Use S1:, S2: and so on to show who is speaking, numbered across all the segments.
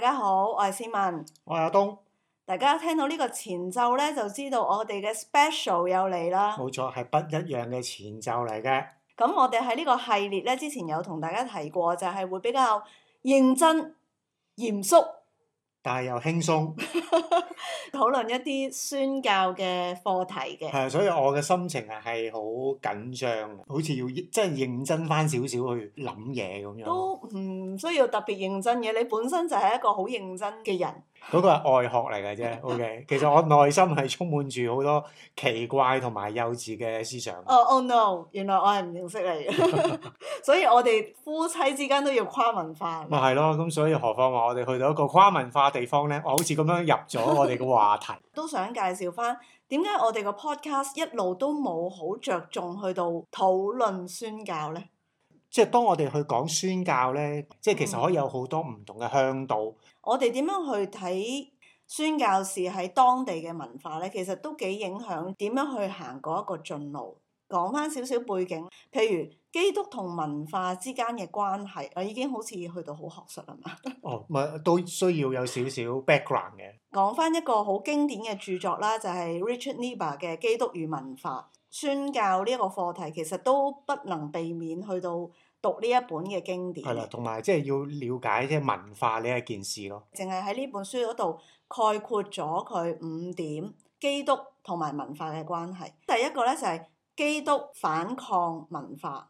S1: 大家好，我係思文，我係阿東。大家聽到呢個前奏咧，就知道我哋嘅 special 又嚟啦。
S2: 冇錯，係不一樣嘅前奏嚟嘅。
S1: 咁我哋喺呢個系列咧，之前有同大家提過，就係、是、會比較認真、嚴肅。
S2: 但係又輕鬆，
S1: 討論一啲宣教嘅課題嘅。係，所以我
S2: 嘅心情係好緊張，好似要真係認真翻少少去諗嘢咁樣都唔
S1: 需要特別認真嘅，你本身就係一個好認真嘅人。
S2: 嗰個係外學嚟嘅啫，OK。其實我內心係充滿住好多奇怪同埋幼稚嘅思想。
S1: 哦哦 no，原來我係唔認識你嘅。所以我哋夫妻之間都要跨文化。
S2: 咪係咯，咁所以何況話我哋去到一個跨文化地方咧，我好似咁樣入咗我哋嘅話
S1: 題， 都想介紹翻，點解我哋個 podcast 一路都冇好着重，去到討論宣教咧？
S2: 即係當我哋去講宣教咧，即係其實可以有好多唔同嘅向度。嗯，
S1: 我哋點樣去睇宣教士喺當地嘅文化咧？其實都幾影響點樣去行嗰一個進路。講翻少少背景，譬如。基督同文化之間嘅關係，我已經好似去到好學術啦嘛？
S2: 哦，咪都需要有少少 background 嘅。
S1: 講翻一個好經典嘅著作啦，就係、是、Richard Niebuhr 嘅《基督與文化》。宣教呢一個課題其實都不能避免去到讀呢一本嘅經典。係啦，
S2: 同埋即係要了解即係文化呢一件事咯。
S1: 淨係喺呢本書嗰度概括咗佢五點基督同埋文化嘅關係。第一個咧就係、是、基督反抗文化。.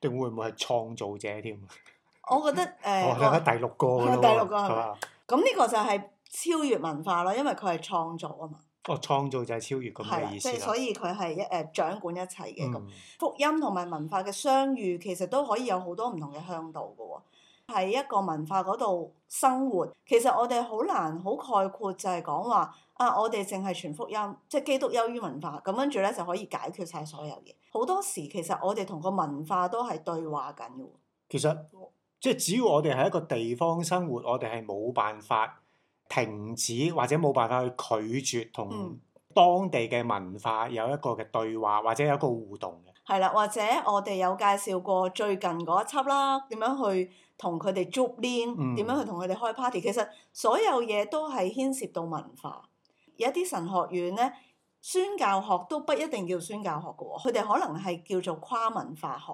S2: 定會唔會係創造者添？ 我
S1: 覺得誒，呃哦哦、
S2: 第六個第六個係嘛？
S1: 咁呢、哦、吧個就係超越文化啦，因為佢係創造啊嘛。
S2: 哦，創造就係超
S1: 越咁嘅意思、啊、所以佢係一誒掌管一切嘅咁、嗯、福音同埋文化嘅相遇，其實都可以有好多唔同嘅向度嘅喎。喺一個文化嗰度生活，其實我哋好難好概括就，就係講話。啊！我哋淨係傳福音，即係基督優於文化，咁跟住咧就可以解決晒所有嘢。好多時其實我哋同個文化都係對話緊嘅。其實即係、
S2: 就是、只要我哋喺一個地方生活，我哋係冇辦法停止或者冇辦法去拒絕同當地嘅文化有一個嘅對話，或者有一個互動嘅。
S1: 係啦、嗯，或者我哋有介紹過最近嗰一輯啦，點樣去同佢哋 join，點樣去同佢哋開 party。其實所有嘢都係牽涉到文化。有一啲神學院咧，宣教學都不一定叫宣教學嘅喎，佢哋可能係叫做跨文化學。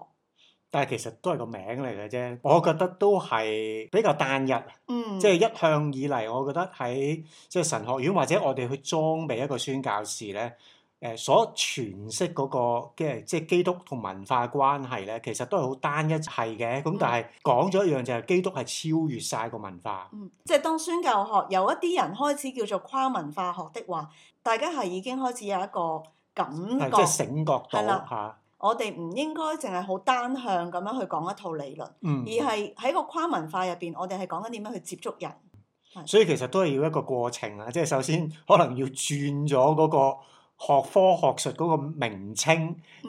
S2: 但係其實都係個名嚟嘅啫，我覺得都係比較單一。
S1: 嗯，即係一
S2: 向以嚟，我覺得喺即係神學院或者我哋去裝備一個宣教士咧。誒所詮釋嗰、那個嘅即係基督同文化關係咧，其實都係好單一係嘅。咁、嗯、但係講咗一樣就係、是、基督係超越晒個文化。嗯，
S1: 即係當宣教學有一啲人開始叫做跨文化學的話，大家係已經開始有一個感覺，即係、就是、醒
S2: 覺到嚇。的
S1: 啊、我哋唔應該淨係好單向咁樣去講一套理論，嗯、而係喺個跨文化入邊，我哋係講緊點樣去接觸人。
S2: 所以其實都係要一個過程啊！即係首先可能要轉咗嗰、那個。學科學術嗰個名稱，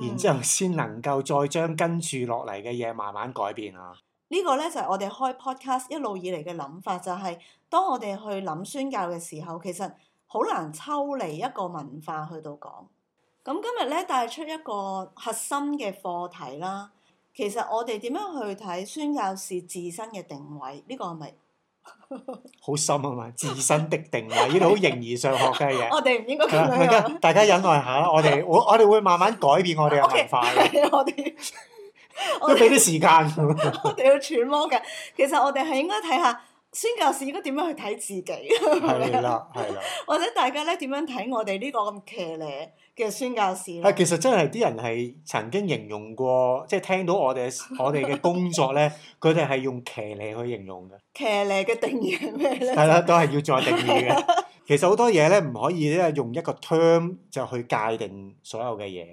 S2: 然之後先能夠再將跟住落嚟嘅嘢慢慢改變啊！
S1: 呢個呢就係我哋開 podcast 一路以嚟嘅諗法，就係、是、當我哋去諗宣教嘅時候，其實好難抽離一個文化去到講。咁今日呢，帶出一個核心嘅課題啦，其實我哋點樣去睇宣教士自身嘅定位，呢、這個係咪？
S2: 好 深啊嘛，自身的定位呢度好形而上學嘅嘢。 我
S1: 哋唔應該咁，
S2: 大家忍耐下，我哋我我哋會慢慢改變我哋嘅文化嘅。 我哋都俾啲時間。我
S1: 哋要揣摩嘅，其實我哋係應該睇下。宣教士應該點樣去睇自己？係 啦，係啦。
S2: 或
S1: 者 大家咧點樣睇我哋呢個咁騎呢嘅宣教士咧？係其
S2: 實真係啲人係曾經形容過，即係聽到我哋我哋嘅工作咧，佢哋係用騎呢去形容
S1: 嘅。騎呢嘅定義係咩咧？係啦，都係
S2: 要再定義嘅。其實好多嘢咧，唔可以咧用一個 term 就去界定所有嘅嘢。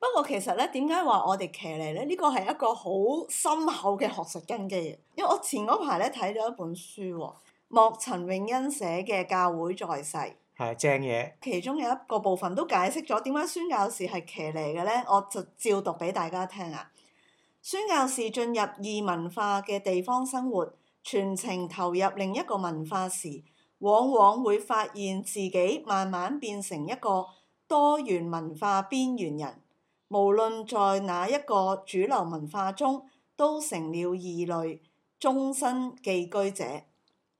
S1: 不過其實咧，點解話我哋騎呢咧？呢個係一個好深厚嘅學術根基。因為我前嗰排咧睇咗一本書喎，莫陳詠恩寫嘅《教會在世》
S2: 係正嘢。
S1: 其中有一個部分都解釋咗點解宣教士係騎呢嘅咧，我就照讀俾大家聽啊。宣教士進入異文化嘅地方生活，全程投入另一個文化時，往往會發現自己慢慢變成一個多元文化邊緣人，無論在哪一個主流文化中，都成了異類，終身寄居者。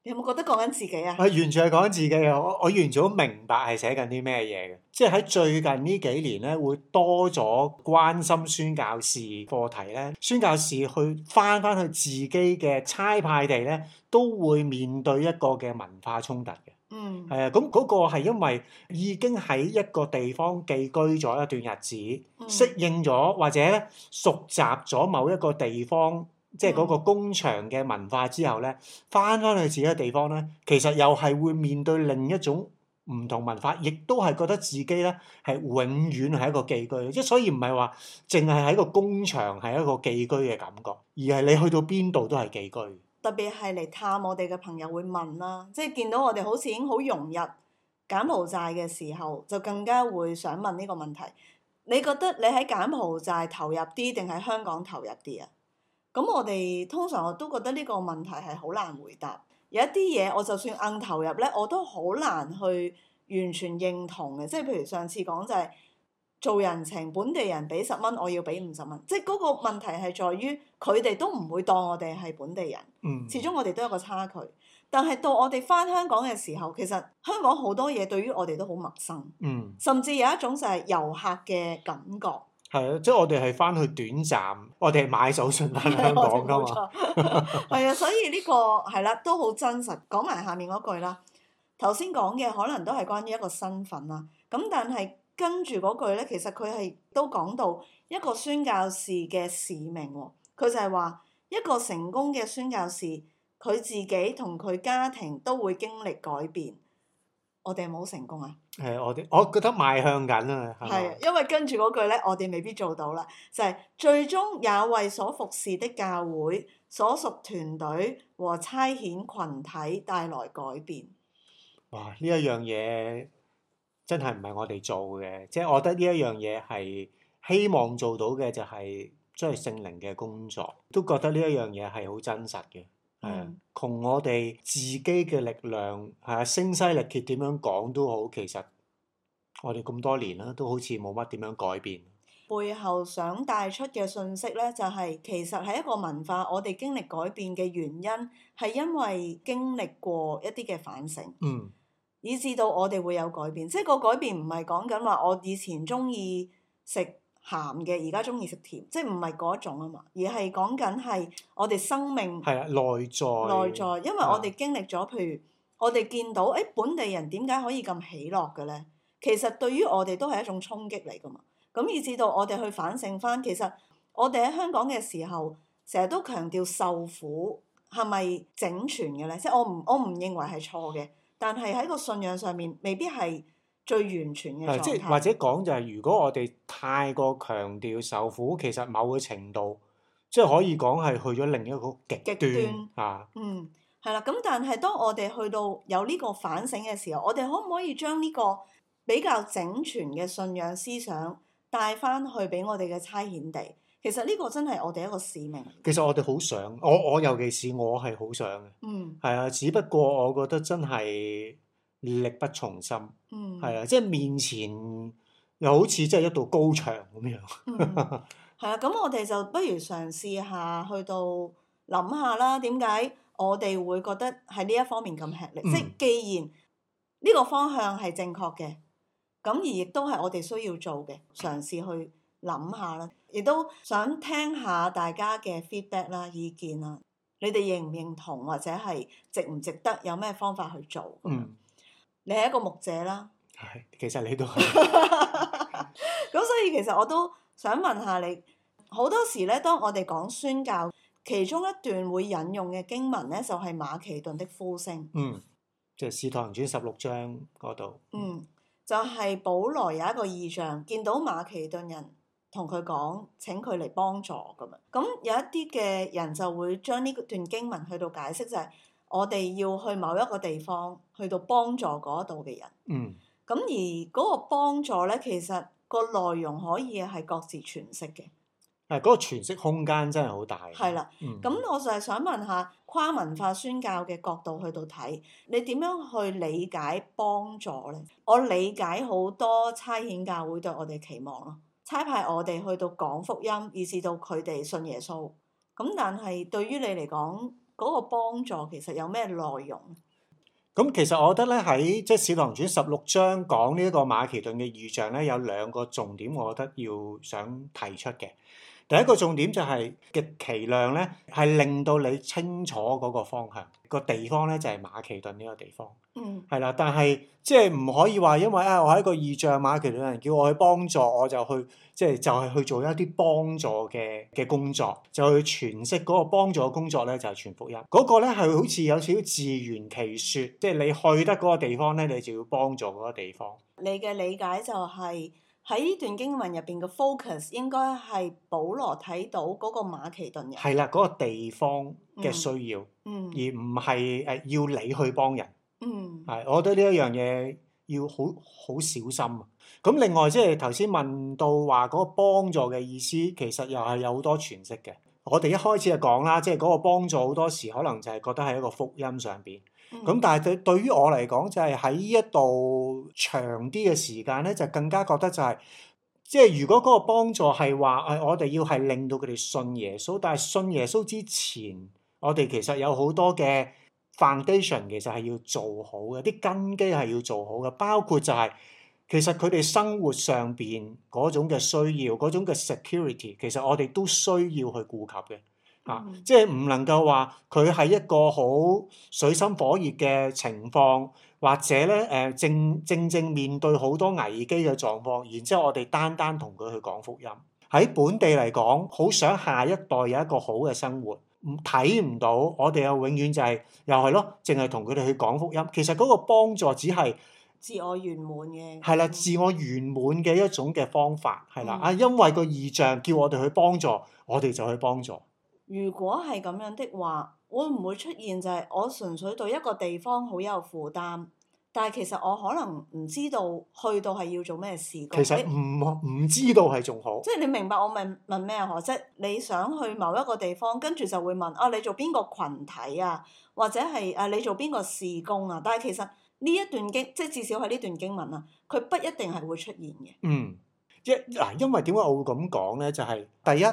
S1: 有冇覺得講緊自
S2: 己啊？係完全係講緊自己，我我完全都明白係寫緊啲咩嘢嘅。即係喺最近呢幾年咧，會多咗關心宣教士課題咧。宣教士去翻翻去自己嘅差派地咧，都會面對一個嘅文化衝突嘅。嗯。啊、呃，咁、那、嗰個係因為已經喺一個地方寄居咗一段日子，嗯、適應咗或者熟習咗某一個地方。嗯、即係嗰個工場嘅文化之後咧，翻返去自己嘅地方咧，其實又係會面對另一種唔同文化，亦都係覺得自己咧係永遠係一個寄居，即係所以唔係話淨係喺個工場係一個寄居嘅感覺，而係你去到邊度都係寄居。
S1: 特別係嚟探我哋嘅朋友會問啦，即係見到我哋好似已經好融入柬埔寨嘅時候，就更加會想問呢個問題。你覺得你喺柬埔寨投入啲定係香港投入啲啊？咁我哋通常我都覺得呢個問題係好難回答，有一啲嘢我就算硬投入呢，我都好難去完全認同嘅。即係譬如上次講就係、是、做人情，本地人俾十蚊，我要俾五十蚊。即係嗰個問題係在於佢哋都唔會當我哋係本地人，嗯，始終我哋都有一個差距。但係到我哋返香港嘅時候，其實香港好多嘢對於我哋都好陌生，嗯，甚至有一種就係遊客嘅感覺。
S2: 係即係我哋係翻去短暫，我哋係買手信翻香港噶嘛。
S1: 係啊 是， 所以呢、這個係啦，都好真實。講埋下面嗰句啦，頭先講嘅可能都係關於一個身份啦。咁但係跟住嗰句咧，其實佢係都講到一個宣教士嘅使命喎。佢就係話一個成功嘅宣教士，佢自己同佢家庭都會經歷改變。我哋冇成功啊！
S2: 係我哋，我覺得邁向緊啊！係，
S1: 因為跟住嗰句咧，我哋未必做到啦。就係、是、最終也為所服侍的教會、所屬團隊和差遣群體帶來改變。哇！呢
S2: 一樣嘢真係唔係我哋做嘅，即、就、係、是、我覺得呢一樣嘢係希望做到嘅，就係即係聖靈嘅工作，都覺得呢一樣嘢係好真實嘅。誒，從、嗯、我哋自己嘅力量係啊，聲嘶力竭點樣講都好，其實我哋咁多年啦，都好似冇乜點樣改變。
S1: 背後想帶出嘅訊息呢，就係、是、其實係一個文化，我哋經歷改變嘅原因係因為經歷過一啲嘅反省，嗯，以至到我哋會有改變。即係個改變唔係講緊話，我以前中意食鹹嘅，而家中意食甜，即係唔係嗰種啊嘛？而係講緊係我哋生命，係啊
S2: 內在內在，內在，
S1: 因為我哋經歷咗，哦、譬如我哋見到誒、哎、本地人點解可以咁喜樂嘅咧？其實對於我哋都係一種衝擊嚟噶嘛。咁以至到我哋去反省翻，其實我哋喺香港嘅時候，成日都強調受苦係咪整全嘅咧？即係我唔我唔認為係錯嘅，但係喺個信仰上面未必係，最完全嘅狀態，或者
S2: 講就係如果我哋太過強調受苦，其實某個程度，即係可以講係去咗另一個極端嚇。極端。嗯，
S1: 係啦。咁但係當我哋去到有呢個反省嘅時候，我哋可唔可以將呢個比較整全嘅信仰思想帶翻去俾我哋嘅差遣地？其實呢個真係我哋一個使命。
S2: 其實我哋好想，我我尤其是我係好想嘅。嗯，係啊，只不過我覺得真係。力不從心，嗯，係啊，即係面前又好似即係一道高牆咁樣。
S1: 係啊、嗯，咁 我哋就不如嘗試下去到諗下啦。點解我哋會覺得喺呢一方面咁吃力？嗯、即係既然呢個方向係正確嘅，咁而亦都係我哋需要做嘅，嘗試去諗下啦。亦都想聽下大家嘅 feedback 啦、意見啦，你哋認唔認同或者係值唔值得？有咩方法去做？嗯。你係一個牧者啦，
S2: 係， 其實你都
S1: 係。咁 所以其實我都想問下你，好多時咧，當我哋講宣教，其中一段會引用嘅經文咧，就係、是、馬其頓的呼聲。嗯，
S2: 就係使徒行傳十六章嗰度。嗯，
S1: 就係保羅有一個異象，見到馬其頓人同佢講請佢嚟幫助咁樣。咁有一啲嘅人就會將呢段經文去到解釋就係、是。我哋要去某一個地方，去到幫助嗰度嘅人。嗯，咁而嗰個幫助咧，其實個內容可以係各自詮釋嘅。
S2: 係嗰、嗯那個詮釋空間真係好
S1: 大。係啦的，咁、嗯、我就係想問下跨文化宣教嘅角度去到睇，你點樣去理解幫助咧？我理解好多差遣教會對我哋期望咯。差派我哋去到講福音，以至到佢哋信耶穌。咁但係對於你嚟講，嗰個幫助其實有咩內容？
S2: 咁其實我覺得咧，喺即《使徒行傳》十六章講呢一個馬其頓嘅預象咧，有兩個重點，我覺得要想提出嘅。第一個重點就係、是、極其量咧，係令到你清楚嗰個方向，嗰個地方咧就係、是、馬其頓呢個地方。嗯，係啦，但係即係唔可以話，因為啊、哎，我係一個異象，馬其頓人叫我去幫助，我就去即係就係去做一啲幫助嘅嘅工作，就去詮釋嗰個幫助嘅工作咧，就係、是、全福音。嗰、那個咧係好似有少少自圓其説，即係你去得嗰個地方咧，你就要幫助嗰個地方。
S1: 你嘅理解就係、是。喺呢段經文入邊嘅 focus 應該係保羅睇到嗰個馬其頓人，係
S2: 啦，嗰個地方嘅需要，嗯，嗯而唔係誒要你去幫人，嗯，係，我覺得呢一樣嘢要好好小心。咁另外即係頭先問到話嗰個幫助嘅意思，其實又係有好多詮釋嘅。我哋一開始就講啦，即係嗰個幫助好多時可能就係覺得係一個福音上邊。咁、嗯、但係對對於我嚟講就係、是、喺呢一度長啲嘅時間咧，就更加覺得就係、是，即係如果嗰個幫助係話，誒、哎、我哋要係令到佢哋信耶穌，但係信耶穌之前，我哋其實有好多嘅 foundation 其實係要做好嘅，啲根基係要做好嘅，包括就係、是、其實佢哋生活上邊嗰種嘅需要，嗰、嗯、種嘅 security，其實我哋都需要去顧及嘅。啊！即係唔能夠話佢係一個好水深火熱嘅情況，或者咧誒、呃、正正正面對好多危機嘅狀況，然之後我哋單單同佢去講福音。喺本地嚟講，好想下一代有一個好嘅生活，睇唔到我哋啊、就係，永遠就係又係咯，淨係同佢哋去講福音。其實嗰個幫助只係
S1: 自我圓滿嘅，
S2: 係、嗯、啦，自我圓滿嘅一種嘅方法，係啦啊，因為個異象叫我哋去幫助，我哋就去幫助。
S1: 如果係咁樣的話，會唔會出現就係我純粹對一個地方好有負擔，但係其實我可能唔知道去到係要做咩事。其實
S2: 唔，即，唔知道係仲好。即係你
S1: 明白我問問咩啊？即係你想去某一個地方，跟住就會問啊，你做邊個群體啊，或者係誒、啊、你做邊個事工啊？但係其實呢一段經，即係至少喺呢段經文啊，佢不一定係會出現嘅。嗯，
S2: 一嗱，因為點解我會咁講咧？就係、是、第一。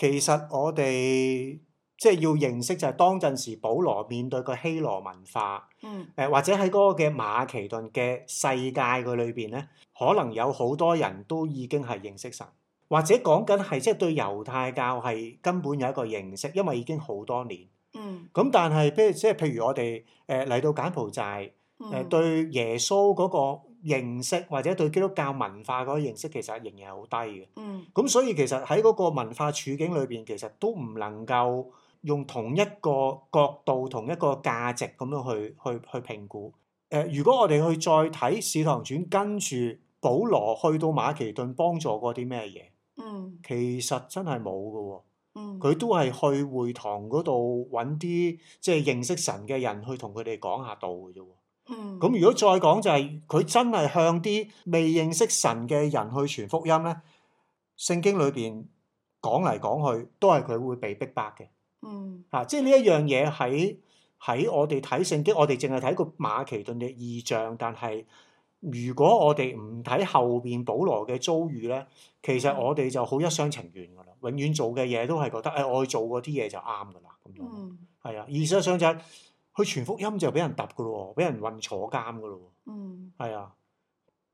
S2: 其實我哋即係要認識就係當陣時，保羅面對個希羅文化，誒、嗯、或者喺嗰個嘅馬其頓嘅世界佢裏邊咧，可能有好多人都已經係認識神，或者講緊係即係對猶太教係根本有一個認識，因為已經好多年。咁、嗯、但係譬如即係譬如我哋誒嚟到柬埔寨，誒、嗯呃、對耶穌嗰、那個，認識或者對基督教文化嗰個認識其實仍然係好低嘅。嗯，咁所以其實喺嗰個文化處境裏邊，其實都唔能夠用同一個角度、同一個價值咁樣去去去評估。誒、呃，如果我哋去再睇《使徒行傳》，跟住保羅去到馬其頓幫助過啲咩嘢？嗯，其實真係冇㗎喎。嗯，佢都係去會堂嗰度揾啲即係認識神嘅人去同佢哋講下道嘅啫。咁、嗯、如果再講就係佢真係向啲未認識神嘅人去傳福音咧，聖經裏邊講嚟講去都係佢會被逼迫嘅。
S3: 嗯，
S2: 啊，即係呢一樣嘢喺喺我哋睇聖經，我哋淨係睇個馬其頓嘅異象，但係如果我哋唔睇後邊保羅嘅遭遇咧，其實我哋就好一廂情願噶啦，永遠做嘅嘢都係覺得誒、哎，我去做嗰啲嘢就啱噶啦咁樣。係、嗯嗯、啊，意事實上就係、是。佢傳福音就俾人揼噶咯，俾人運坐監噶咯。嗯，係啊。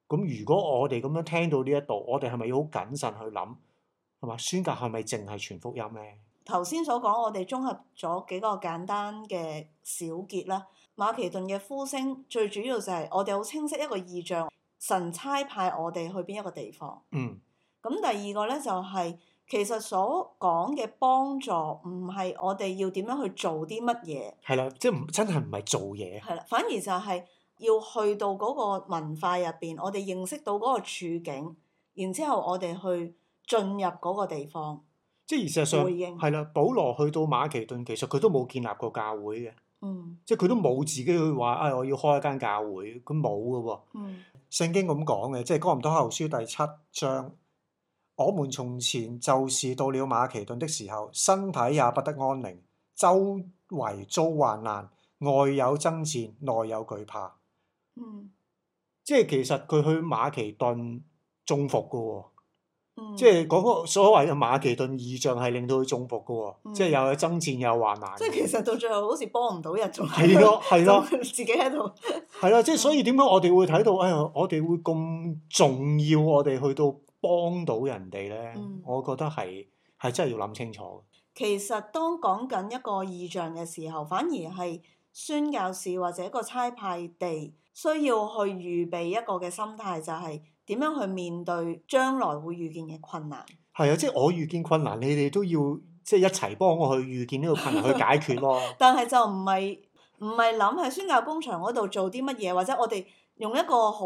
S2: 咁如果我哋咁樣聽到呢一度，我哋係咪要好謹慎去諗？係嘛，宣教係咪淨係傳福音咧？
S1: 頭先所講，我哋綜合咗幾個簡單嘅小結啦。馬其頓嘅呼聲最主要就係我哋好清晰一個異象，神差派我哋去邊一個地方。
S2: 嗯。
S1: 咁第二個咧就係、是。其實所講嘅幫助唔係我哋要點樣去做啲乜嘢，
S2: 係啦，即係唔真係唔係做嘢，係
S1: 啦，反而就係要去到嗰個文化入邊，我哋認識到嗰個處境，然之後我哋去進入嗰個地方。
S2: 即係事實上係啦，回應，保羅去到馬其頓，其實佢都冇建立過教會嘅，嗯，即係佢都冇自己去話，哎，我要開一間教會，佢冇㗎喎，嗯，聖經咁講嘅，即係哥林多後書第七章。我們從前就是到了馬其頓的時候，身體也不得安寧，周圍遭患難，外有爭戰，內有懼怕。嗯、即係其實佢去馬其頓中伏嘅喎，嗯、即係嗰個所謂嘅馬其頓異象係令到佢中伏嘅喎，嗯、即係又有爭戰又患難。即係
S1: 其實到最後好似幫唔到人，仲係係咯，係咯，自己喺度
S2: 係啦。即係所以點解我哋會睇到？哎呀，我哋會咁重要？我哋去到。幫到人哋咧，嗯、我覺得係係真係要諗清楚。
S1: 其實當講緊一個異象嘅時候，反而係宣教士或者一個差派地需要去預備一個嘅心態，就係點樣去面對將來會遇見嘅困難。
S2: 係啊、嗯，即係我遇見困難，你哋都要即係、就是、一齊幫我去遇見呢個困難去解決咯。
S1: 但係就唔係唔係諗喺宣教工場嗰度做啲乜嘢，或者我哋。用一個好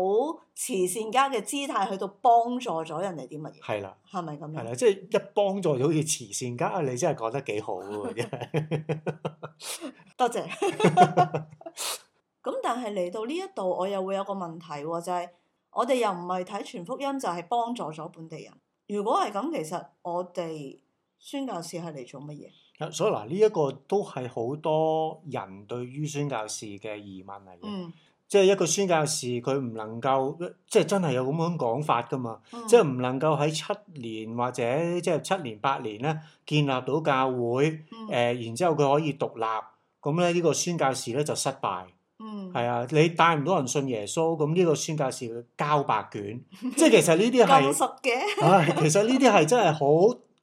S1: 慈善家嘅姿態去到幫助咗人哋啲乜嘢？係啦，係咪咁樣？係啦，即係
S2: 一幫助就好似慈善家啊！你真係講得幾好喎！真係，
S1: 多謝。咁 但係嚟到呢一度，我又會有個問題喎，就係我哋又唔係睇全福音，就係幫助咗本地人。如果係咁，其實我哋宣教士係嚟做乜嘢？
S2: 所以嗱，呢一個都係好多人對於宣教士嘅疑問嚟嘅。嗯。即係一個宣教士，佢唔能夠即係真係有咁樣講法㗎嘛？嗯、即係唔能夠喺七年或者即係七年八年咧建立到教會，誒、呃、然之後佢可以獨立，咁咧呢、這個宣教士咧就失敗。係、嗯、啊，你帶唔到人信耶穌，咁呢個宣教士交白卷。
S1: 即係其實呢啲係，唉 熟、 哎，其
S2: 實呢啲係真係好，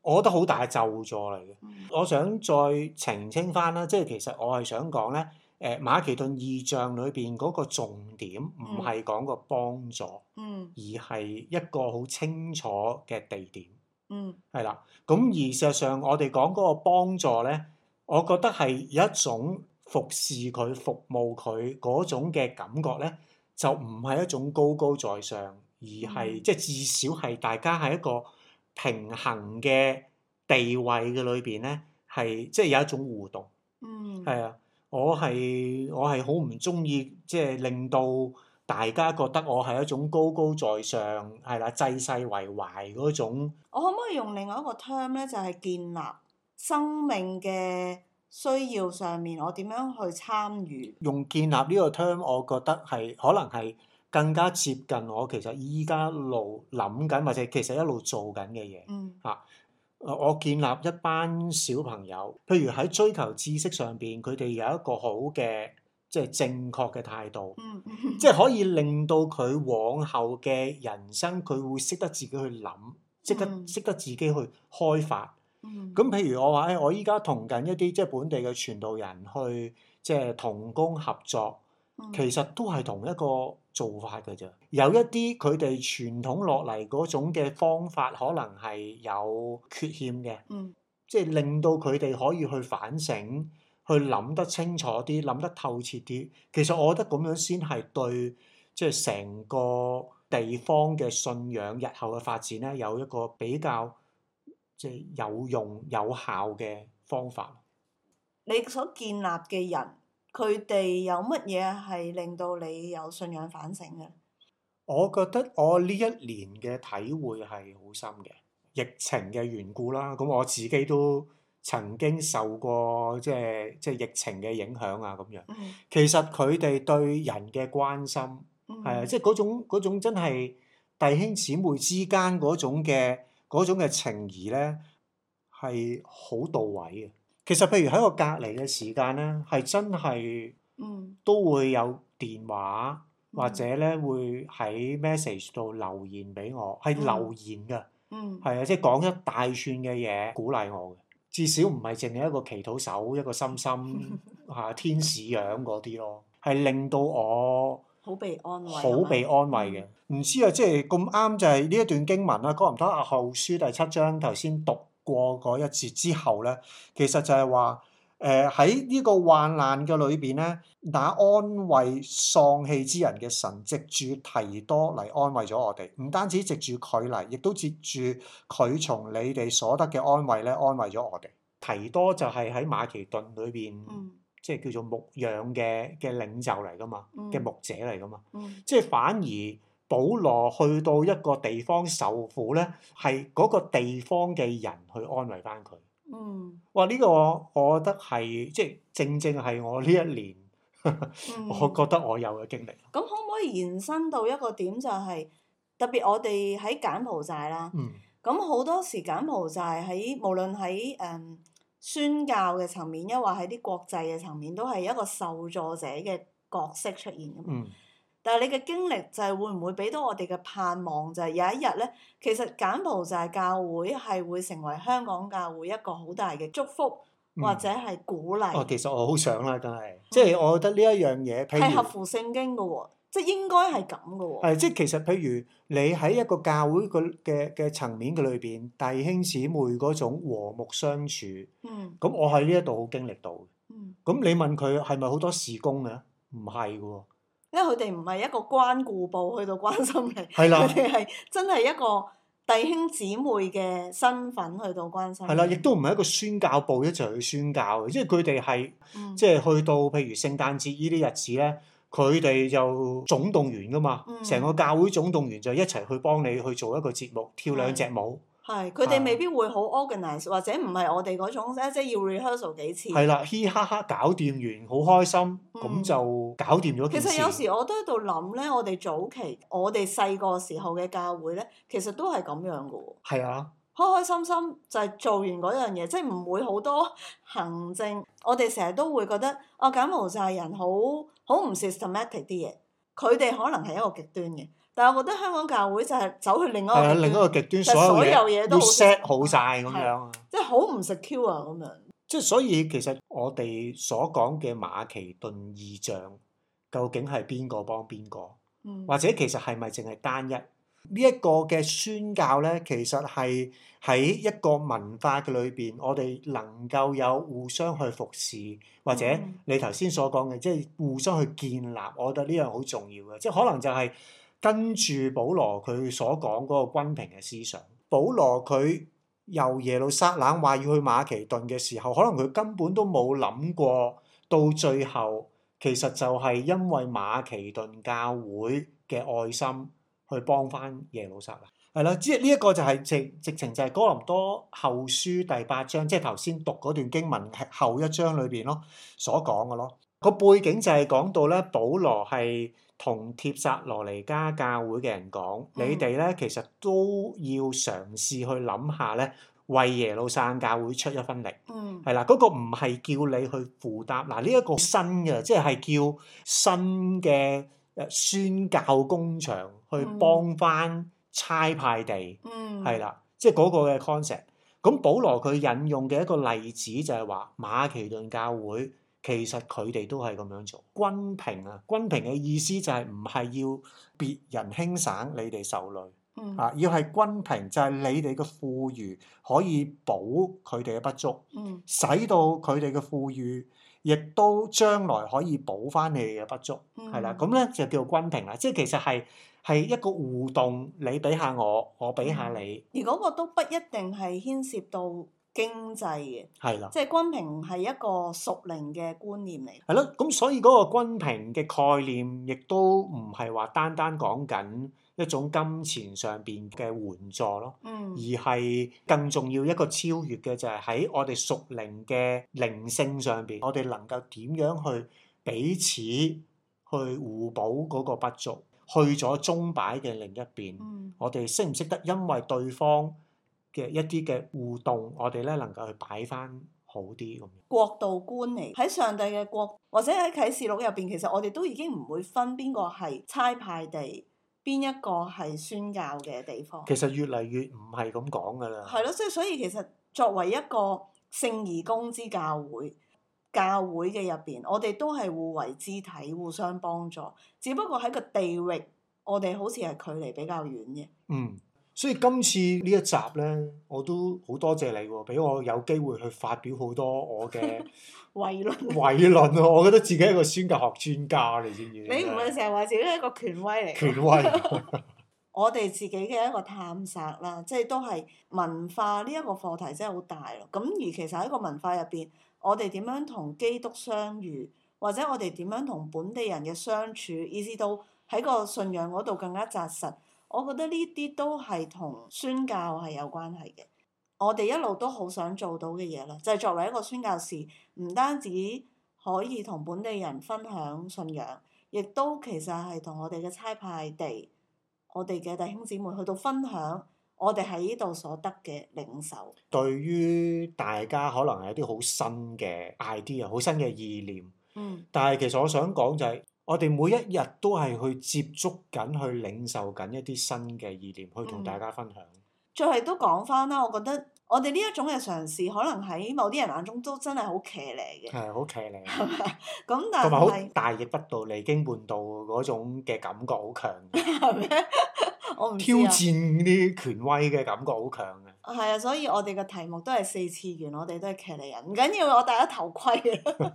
S2: 我覺得好大嘅咒助嚟嘅。嗯、我想再澄清翻啦，即係其實我係想講咧。誒，馬其頓意象裏邊嗰個重點唔係講個幫助，嗯、而係一個好清楚嘅地點。嗯，係啦。咁而事實上，我哋講嗰個幫助咧，我覺得係有一種服侍佢、服務佢嗰種嘅感覺咧，就唔係一種高高在上，而係、嗯、即係至少係大家係一個平衡嘅地位嘅裏邊咧，係即係有一種互動。
S3: 嗯，係啊。
S2: 我係我係好唔中意，即係令到大家覺得我係一種高高在上，係啦，濟世為懷嗰種。
S1: 我可唔可以用另外一個 term 咧？就係建立生命嘅需要上面，我點樣去參與？
S2: 用建立呢個 term，我覺得係可能係更加接近我其實依家一路諗緊，或者其實一路做緊嘅嘢。嗯。嚇！我建立一班小朋友，譬如喺追求知識上邊，佢哋有一個好嘅即係正確嘅態度，即係、嗯、可以令到佢往後嘅人生，佢會識得自己去諗，識得識得自己去開發。咁、嗯、譬如我話，唉，我依家同緊一啲即係本地嘅傳道人去即係、即係、同工合作，嗯、其實都係同一個。做法嘅啫，有一啲佢哋傳統落嚟嗰種嘅方法，可能係有缺陷嘅，嗯，即係令到佢哋可以去反省，去諗得清楚啲，諗得透徹啲。其實我覺得咁樣先係對，即係成個地方嘅信仰日後嘅發展咧，有一個比較即係有用有效嘅方法。
S1: 你所建立嘅人。佢哋有乜嘢係令到你有信仰反省嘅？
S2: 我覺得我呢一年嘅體會係好深嘅，疫情嘅緣故啦。咁我自己都曾經受過即係即係疫情嘅影響啊咁樣。其實佢哋對人嘅關心係啊、嗯，即係嗰種、嗰種真係弟兄姊妹之間嗰種嘅嗰種嘅情誼咧，係好到位嘅。其實，譬如喺我隔離嘅時間咧，係真係都會有電話或者咧會喺 message 度留言俾我，係留言嘅，係啊、嗯，即係講一大串嘅嘢鼓勵我嘅，至少唔係淨係一個祈禱手，一個心心嚇 天使樣嗰啲咯，係令到我好被安慰，好被安慰嘅。唔、嗯、知啊，即係咁啱就係、是、呢、就是、一段經文啦，講唔多，阿後書第七章頭先讀。過嗰一次之後咧，其實就係話，誒喺呢個患難嘅裏邊咧，打安慰喪氣之人嘅神，藉住提多嚟安慰咗我哋。唔單止藉住佢嚟，亦都藉住佢從你哋所得嘅安慰咧，安慰咗我哋。提多就係喺馬其頓裏邊，即係、嗯、叫做牧養嘅嘅領袖嚟㗎嘛，嘅牧、嗯、者嚟㗎嘛，嗯、即係反而。保羅去到一個地方受苦咧，係嗰個地方嘅人去安慰翻佢。
S3: 嗯，
S2: 哇！呢、呢個我覺得係即係正正係我呢一年， 我覺得我有嘅經歷。
S1: 咁、嗯、可唔可以延伸到一個點、就係，就係特別我哋喺柬埔寨啦。嗯。咁好多時柬埔寨喺無論喺誒、嗯、宣教嘅層面，抑或喺啲國際嘅層面，都係一個受助者嘅角色出現嘅。嗯。但係你嘅經歷就係會唔會俾到我哋嘅盼望，就係有一日咧，其實柬埔寨教會係會成為香港教會一個好大嘅祝福或者係鼓勵？哦，
S2: 其實我好想啦，真係，即係我覺得呢一樣嘢，係合乎
S1: 聖經嘅喎，即係應該係咁嘅喎。
S2: 誒，即係其實譬如你喺一個教會嘅嘅嘅層面嘅裏邊，弟兄姊妹嗰種和睦相處，
S1: 嗯，
S2: 咁我喺呢一度好經歷到，
S1: 嗯，
S2: 咁你問佢係咪好多事工嘅？唔係嘅喎。
S1: 因為佢哋唔係一個關顧部去到關心你，佢哋係真係一個弟兄姊妹嘅身份去到關心。係啦，亦
S2: 都唔係一個宣教部一齊去宣教嘅，即係佢哋係即係去到譬如聖誕節呢啲日子咧，佢哋就總動員噶嘛，成、嗯、個教會總動員就一齊去幫你去做一個節目，跳兩隻舞。
S1: 係，佢哋未必會好 organize，或者唔係我哋嗰種，即係要 rehearsal 幾次。係啦，嘻
S2: 哈哈搞掂完，好開心，咁、嗯、就搞掂咗件事。其實有時
S1: 我都喺度諗呢，我哋早期，我哋細個時候嘅教會呢，其實都係咁樣噶喎。係啊的，開開心心就係、是、做完嗰樣嘢，即係唔會好多行政。我哋成日都會覺得，哦，柬埔寨人好好唔 systematic 啲嘢。佢哋可能係一個極端嘅。但係我覺得香港教會就係走去另一個，另一個極端，所有嘢要 set
S2: 好晒咁樣，
S1: 即係好唔 secure 咁樣。即
S2: 係、就是、所以其實我哋所講嘅馬其頓異象，究竟係邊個幫邊個，嗯、或者其實係咪淨係單一呢一、這個嘅宣教咧？其實係喺一個文化嘅裏邊，我哋能夠有互相去服侍，或者你頭先所講嘅，即、就、係、是、互相去建立，我覺得呢樣好重要嘅，即係可能就係、是。跟住保羅佢所講嗰個均平嘅思想，保羅佢由耶路撒冷話要去馬其頓嘅時候，可能佢根本都冇諗過，到最後其實就係因為馬其頓教會嘅愛心去幫翻耶路撒冷。係啦，即係呢一個就係、是、直直情就係哥林多後書第八章，即係頭先讀嗰段經文後一章裏邊咯，所講嘅咯，個背景就係講到咧保羅係。同帖撒羅尼迦教會嘅人講，嗯、你哋咧其實都要嘗試去諗下咧，為耶路撒冷教會出一分力。嗯，係啦，嗰、那個唔係叫你去負擔嗱，呢、啊、一、這個新嘅，即係叫新嘅誒宣教工場去幫翻差派地。嗯，係啦，即係嗰個嘅 concept。咁、就是、保羅佢引用嘅一個例子就係話馬其頓教會。其實佢哋都係咁樣做，均平啊！均平嘅意思就係唔係要別人輕省你哋受累、嗯、啊，要係均平就係、是、你哋嘅富裕可以補佢哋嘅不足，嗯、使到佢哋嘅富裕亦都將來可以補翻你哋嘅不足，係啦、嗯，咁咧就叫均平啦。即係其實係係一個互動，你俾下我，我俾下你。而
S1: 嗰個都不一定係牽涉到。經濟嘅，係啦的，即係均平係一個屬靈嘅觀念
S2: 嚟。係咯，咁所以嗰個均平嘅概念，亦都唔係話單單講緊一種金錢上邊嘅援助咯，嗯，而係更重要一個超越嘅就係喺我哋屬靈嘅靈性上邊，我哋能夠點樣去彼此去互補嗰個不足，去咗鐘擺嘅另一邊，嗯、我哋識唔識得因為對方嘅一啲嘅互動，我哋呢能夠去擺返好啲
S1: 咁樣。國度觀嚟喺上帝嘅國，或者喺啟示錄入邊，其實我哋都已經唔會分邊個係差派地，邊一個係宣教嘅地方。其
S2: 實越嚟越唔係咁講㗎喇。係
S1: 咯，即係所以其實作為一個聖而公之教會，教會嘅入邊，我哋都係互為肢體，互相幫助。只不過喺個地域，我哋好似係距離比較遠嘅。嗯。所以
S2: 今次呢一集呢，我都好多謝你喎、哦，俾我有機會去發表好多我嘅，偉 論,論，我覺得自己係一個宣教學專家，你知唔知？你唔係
S1: 成日話自己係一個權威嚟？權威， 我哋自己嘅一個探索啦，即、就、係、是、都係文化呢一個課題真係好大咯。咁而其實喺個文化入邊，我哋點樣同基督相遇，或者我哋點樣同本地人嘅相處，以至到喺個信仰嗰度更加紮實。我覺得呢啲都係同宣教係有關係嘅，我哋一路都好想做到嘅嘢啦，就係作為一個宣教士，唔單止可以同本地人分享信仰，亦都其實係同我哋嘅差派地，我哋嘅弟兄姊妹去到分享我哋喺呢度所得嘅領受。
S2: 對於大家可能係一啲好新嘅 idea，好新嘅意念，嗯，但係其實我想講就係。我哋每一日都係去接觸緊，去領受緊一啲新嘅意念，去同大家分享。
S1: 最後都講翻啦，我覺得我哋呢一種嘅嘗試，可能喺某啲人眼中都真係好騎呢嘅。係好騎呢。咁吧但係同埋好
S2: 大逆不道、離經叛道嗰種嘅感覺好強。係咩？
S1: 我唔。挑
S2: 戰啲權威嘅感覺好強
S1: 嘅。係啊，所以我哋嘅題目都係四次元，我哋都係騎呢人，唔緊要，我戴咗頭盔。係
S2: 咯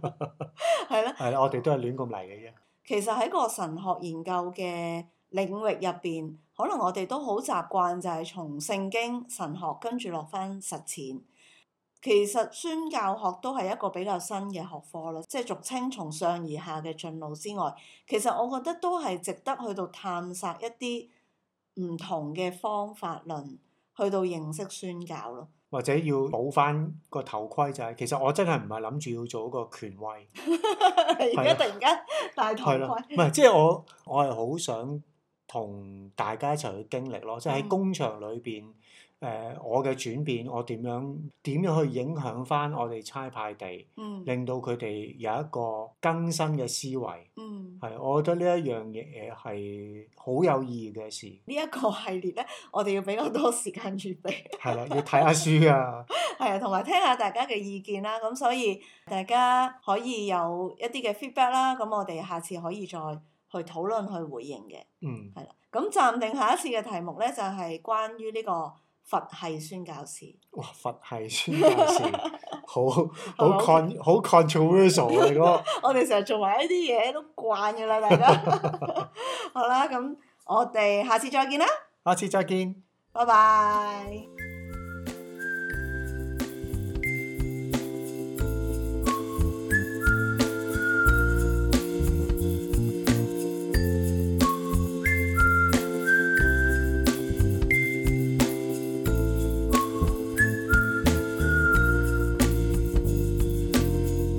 S2: 的。係咯， 我哋都係亂咁嚟嘅啫。
S1: 其實喺個神學研究嘅領域入邊，可能我哋都好習慣就係從聖經神學跟住落翻實踐。其實宣教學都係一個比較新嘅學科囉，即係俗稱從上而下嘅進路之外，其實我覺得都係值得去到探索一啲唔同嘅方法論，去到認識宣教咯。
S2: 或者要補翻個頭盔就係，其實我真係唔係諗住要做一個權威，
S1: 而家 突然間大頭盔唔係的 即係
S2: 我我係好想同大家一齊去經歷咯，即係喺工場裏邊。 誒、呃，我嘅轉變，我點樣點樣去影響翻我哋差派地，嗯、令到佢哋有一個更新嘅思維，係、嗯、我覺得呢一樣嘢係好有意義嘅事。
S1: 呢一個系列咧，我哋要俾較多時間預備。
S2: 係 啦，要睇下書啊。
S1: 係啊， 同埋聽下大家嘅意見啦。咁所以大家可以有一啲嘅 feedback 啦。咁我哋下次可以再去討論去回應嘅。嗯，係啦。咁暫定下一次嘅題目咧，就係、是、關於呢、這個。佛係宣教士，
S2: 哇！佛係宣教士， 好好 con 好 controversial 我
S1: 哋成日做埋一啲嘢都慣噶啦，大家。 好啦，咁我哋下次再見啦。
S2: 下次再見。
S1: 拜拜。